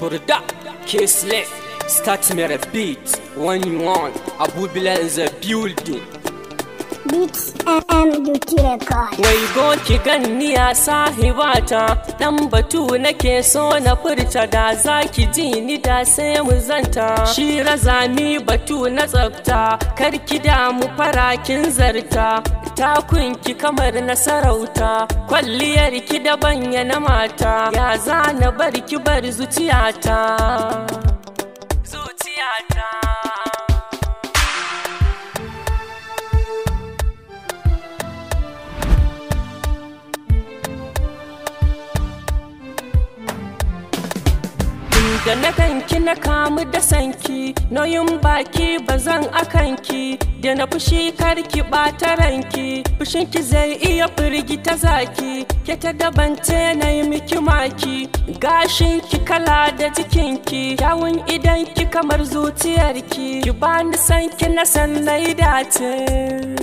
Burda K-Slip Start me a beat when you want Abu Bilal in the building Wai goki sahiba ta dan batu nake so na furta da zaki ji ni da sai mu zanta shi razami batu na tsafta karki da mu kin zarta takunki kamar na sarauta kwalliyar ki da banya na mata ya zana barki bar zuciyata zuciyata da na ganki na kamu da sanki nauyin baki bazan akanki da na fushi karki ɓata ranki fushinki zai iya firgi ta zaki ke ta dabance na yi miki maki gashinki kala da jikinki yawun idanki kamar zuciyarki ki bani sanki na san na yi dace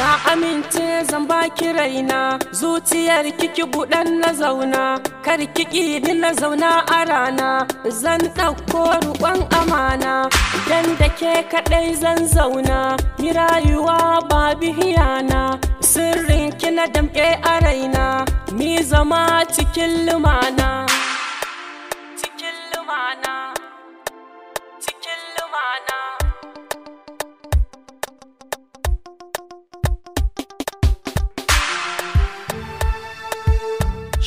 Na amince zan baki raina zuciyar kiki buɗan na zauna kar kiki ni na zauna a rana zan ɗauko ruƙon amana dan da ke kaɗai zan zauna yi rayuwa ba bihiyana sirrin kina damƙe a raina mi zama cikin lumana.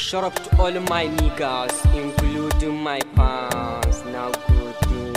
Shout out to all my niggas, including my fans. Now good.